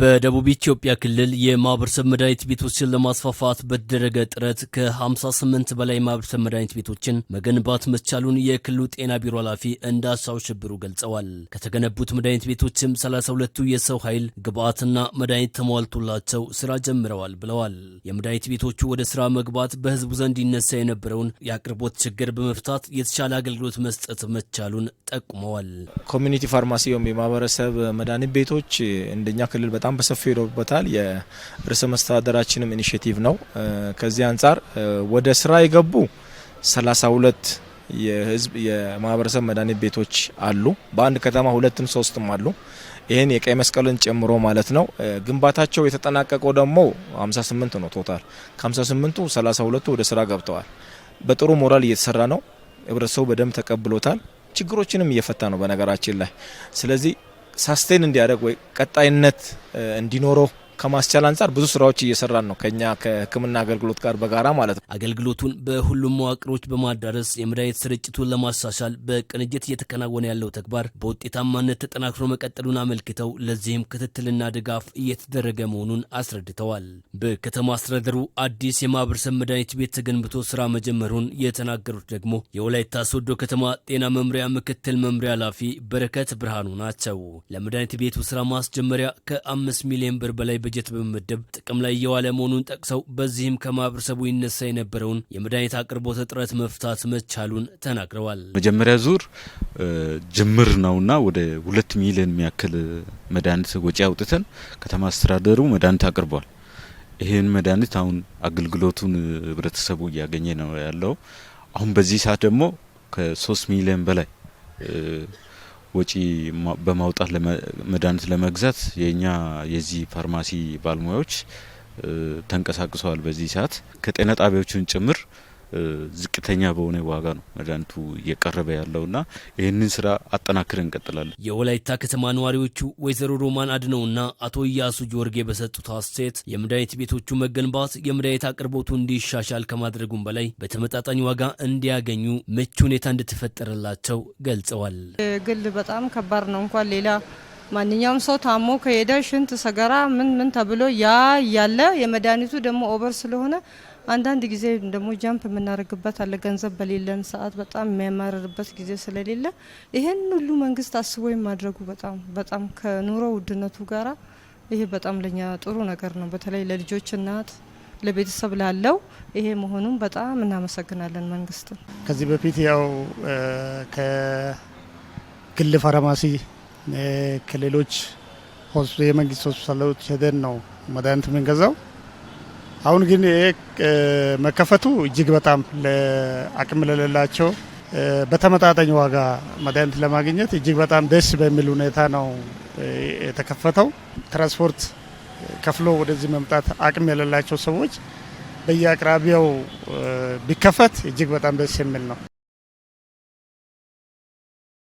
በደቡብ ኢትዮጵያ ክልል የማህበረሰብ መድኃኒት ቤቶችን ለማስፋፋት በተደረገ ጥረት ከ58 በላይ ማህበረሰብ መድኃኒት ቤቶችን መገንባት መቻሉን የክልሉ ጤና ቢሮ ኃላፊ እንዳሻው ሽብሩ ገልጸዋል። ከተገነቡት መድኃኒት ቤቶችም 32ቱ የሰው ኃይል ግብአትና መድኃኒት ተሟልቶላቸው ስራ ጀምረዋል ብለዋል። የመድኃኒት ቤቶቹ ወደ ስራ መግባት በህዝቡ ዘንድ ይነሳ የነበረውን የአቅርቦት ችግር በመፍታት የተሻለ አገልግሎት መስጠት መቻሉን ጠቁመዋል። ኮሚኒቲ ፋርማሲ የማህበረሰብ መድኃኒት ቤቶች እንደኛ ክልል በጣም በሰፊው ሄደውበታል። የርዕሰ መስተዳደራችንም ኢኒሽቲቭ ነው። ከዚህ አንጻር ወደ ስራ የገቡ 32 የህዝብ የማህበረሰብ መድኃኒት ቤቶች አሉ። በአንድ ከተማ ሁለትም ሶስትም አሉ። ይህን የቀይ መስቀልን ጨምሮ ማለት ነው። ግንባታቸው የተጠናቀቀው ደግሞ 58 ነው ቶታል። ከ58ቱ 32ቱ ወደ ስራ ገብተዋል። በጥሩ ሞራል እየተሰራ ነው። ህብረተሰቡ በደንብ ተቀብሎታል። ችግሮችንም እየፈታ ነው በነገራችን ላይ ስለዚህ ሳስቴን እንዲያደርግ ወይ ቀጣይነት እንዲኖረው ከማስቻል አንጻር ብዙ ስራዎች እየሰራን ነው ከኛ ከህክምና አገልግሎት ጋር በጋራ ማለት ነው። አገልግሎቱን በሁሉም መዋቅሮች በማዳረስ የመድኃኒት ስርጭቱን ለማሻሻል በቅንጅት እየተከናወነ ያለው ተግባር በውጤታማነት ተጠናክሮ መቀጠሉን አመልክተው ለዚህም ክትትልና ድጋፍ እየተደረገ መሆኑን አስረድተዋል። በከተማ አስተዳደሩ አዲስ የማህበረሰብ መድኃኒት ቤት ተገንብቶ ስራ መጀመሩን የተናገሩት ደግሞ የወላይታ ሶዶ ከተማ ጤና መምሪያ ምክትል መምሪያ ኃላፊ በረከት ብርሃኑ ናቸው። ለመድኃኒት ቤቱ ስራ ማስጀመሪያ ከአምስት ሚሊዮን ብር በላይ በጀት በመመደብ ጥቅም ላይ እየዋለ መሆኑን ጠቅሰው በዚህም ከማህበረሰቡ ይነሳ የነበረውን የመድኃኒት አቅርቦት እጥረት መፍታት መቻሉን ተናግረዋል። መጀመሪያ ዙር ጅምር ነውና ወደ ሁለት ሚሊዮን የሚያክል መድኃኒት ወጪ አውጥተን ከተማ አስተዳደሩ መድኃኒት አቅርቧል። ይህን መድኃኒት አሁን አገልግሎቱን ህብረተሰቡ እያገኘ ነው ያለው። አሁን በዚህ ሰዓት ደግሞ ከሶስት ሚሊዮን በላይ ወጪ በማውጣት መድኃኒት ለመግዛት የእኛ የዚህ ፋርማሲ ባለሙያዎች ተንቀሳቅሰዋል። በዚህ ሰዓት ከጤና ጣቢያዎቹን ጭምር ዝቅተኛ በሆነ ዋጋ ነው መድኃኒቱ እየቀረበ ያለውና ይህንን ስራ አጠናክረን እንቀጥላለን። የወላይታ ከተማ ነዋሪዎቹ ወይዘሮ ሮማን አድነውና አቶ እያሱ ጆርጌ በሰጡት አስተያየት የመድኃኒት ቤቶቹ መገንባት የመድኃኒት አቅርቦቱ እንዲሻሻል ከማድረጉም በላይ በተመጣጣኝ ዋጋ እንዲያገኙ ምቹ ሁኔታ እንደተፈጠረላቸው ገልጸዋል። ግል በጣም ከባድ ነው እንኳን ሌላ ማንኛውም ሰው ታሞ ከሄደ ሽንት፣ ሰገራ ምን ምን ተብሎ ያ እያለ የመድኃኒቱ ደግሞ ኦቨር ስለሆነ አንዳንድ ጊዜ ደግሞ ጃምፕ የምናደርግበት አለ። ገንዘብ በሌለን ሰዓት በጣም የሚያማርርበት ጊዜ ስለሌለ ይሄን ሁሉ መንግስት አስቦ ማድረጉ በጣም በጣም ከኑሮ ውድነቱ ጋራ ይሄ በጣም ለኛ ጥሩ ነገር ነው። በተለይ ለልጆች እናት ለቤተሰብ ላለው ይሄ መሆኑን በጣም እናመሰግናለን መንግስትን። ከዚህ በፊት ያው ከግል ፋርማሲ ከሌሎች የመንግስት ሆስፒታሎች ሄደን ነው መድኃኒት የምንገዛው። አሁን ግን መከፈቱ እጅግ በጣም አቅም ለሌላቸው በተመጣጣኝ ዋጋ መድኃኒት ለማግኘት እጅግ በጣም ደስ በሚል ሁኔታ ነው የተከፈተው። ትራንስፖርት ከፍሎ ወደዚህ መምጣት አቅም የሌላቸው ሰዎች በየአቅራቢያው ቢከፈት እጅግ በጣም ደስ የሚል ነው።